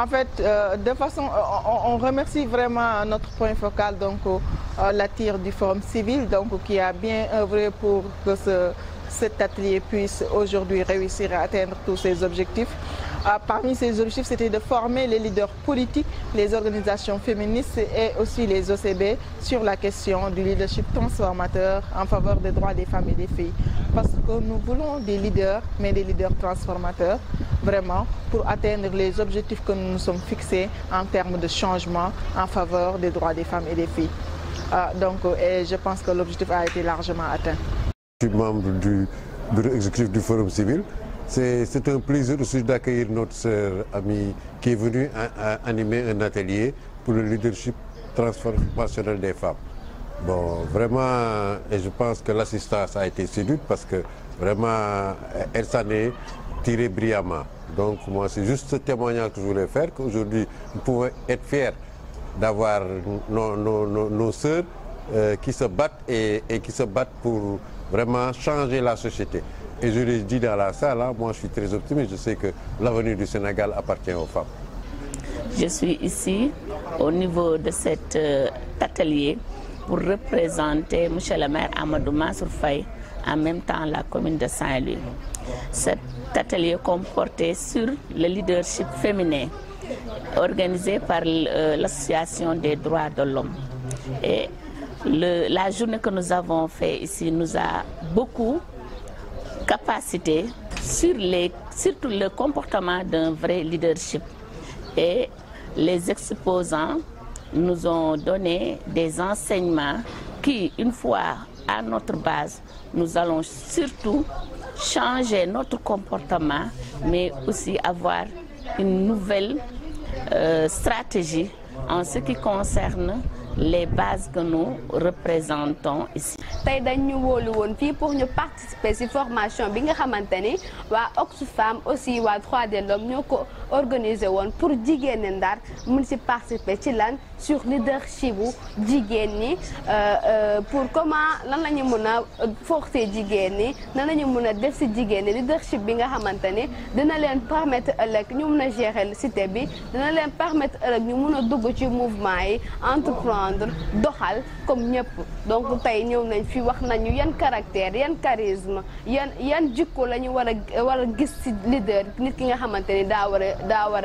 En fait, euh, de façon, euh, on, remercie vraiment notre point focal, donc euh, la tire du Forum civil, donc qui a bien œuvré pour que cet atelier puisse aujourd'hui réussir à atteindre tous ses objectifs. parmi ses objectifs, c'était de former les leaders politiques, les organisations féministes et aussi les OCB sur la question du leadership transformateur en faveur des droits des femmes et des filles. Parce que nous voulons des leaders, mais des leaders transformateurs vraiment pour atteindre les objectifs que nous nous sommes fixés en termes de changement en faveur des droits des femmes et des filles. Ah, donc, euh, je pense que l'objectif a été largement atteint. Je suis membre du bureau exécutif du Forum civil. C'est un plaisir aussi d'accueillir notre sœur amie qui est venue animer un atelier pour le leadership transformationnel des femmes. Bon, vraiment, et je pense que l'assistance a été séduite parce que vraiment, elle s'en est brillamment. Donc moi, c'est juste ce témoignage que je voulais faire, qu'aujourd'hui, nous pouvons être fiers d'avoir nos, nos, euh, qui se battent et, qui se battent pour vraiment changer la société. Et je l'ai dis dans la salle, hein, moi je suis très optimiste, je sais que l'avenir du Sénégal appartient aux femmes. Je suis ici au niveau de cet euh, atelier pour représenter M. le maire Amadou Mansour Faye, en même temps la commune de Saint-Louis. Cet atelier comportait sur le leadership féminin organisé par euh, l'Association des droits de l'homme. Et le, la journée que nous avons faite ici nous a beaucoup capacité sur les, surtout le comportement d'un vrai leadership et les exposants nous ont donné des enseignements qui, une fois à notre base, nous allons surtout changer notre comportement, mais aussi avoir une nouvelle euh, stratégie en ce qui concerne les bases que nous représentons ici. Tay dañu ñu won fi pour ñu participer ci formation bi nga xamante wa Oxfam aussi wa 3D l'homme ñoo organiser pour jigéen Ndar mun ci participer ci lan sur leadership bu euh euh pour comment lan lañu mëna mun a forcer jigéen ñi nan la ñu def ci jigéen leadership bi nga xamante ni dina leen permettre ëllëg ñu mun a gérer cité bi dina leen permettre ëllëg ñu mëna dugg ci mouvement yi entreprendre. défendre doxal comme ñëpp donc tey ñëw nañ fi wax nañu yan caractère yan charisme yan yan jikko lañu ñu war a war a gis ci leader nit ki nga xamante ni daa war a daa war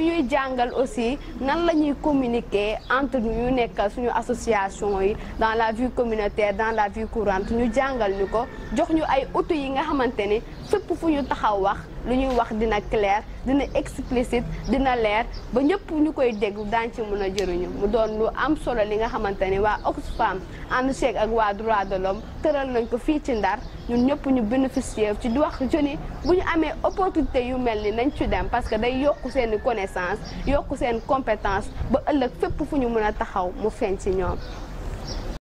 ñu ñuy jàngal aussi nan la ñuy communiquer entre ñu nekkal suñu association yi dans la vie communautaire dans la vie courante ñu jàngal ñu ko jox ñu ay outils yi nga xamante ni fépp fu ñu taxaw wax lu ñuy wax dina clair dina explicite dina leer ba ñëpp ñu koy déglu daan ci mën a jëriñu mu doon lu am solo li nga xamante ni waa Oxfam ànd ceeg ak waa droit de l'homme tëral nañ ko fii ci Ndar ñun ñëpp ñu bénéficier ci di wax jeunes bu ñu amee opportunité yu mel ni nañ ci dem parce que day yokk seen connaissance yokk seen compétence ba ëllëg fépp fu ñu mën a taxaw mu feeñ ci ñoom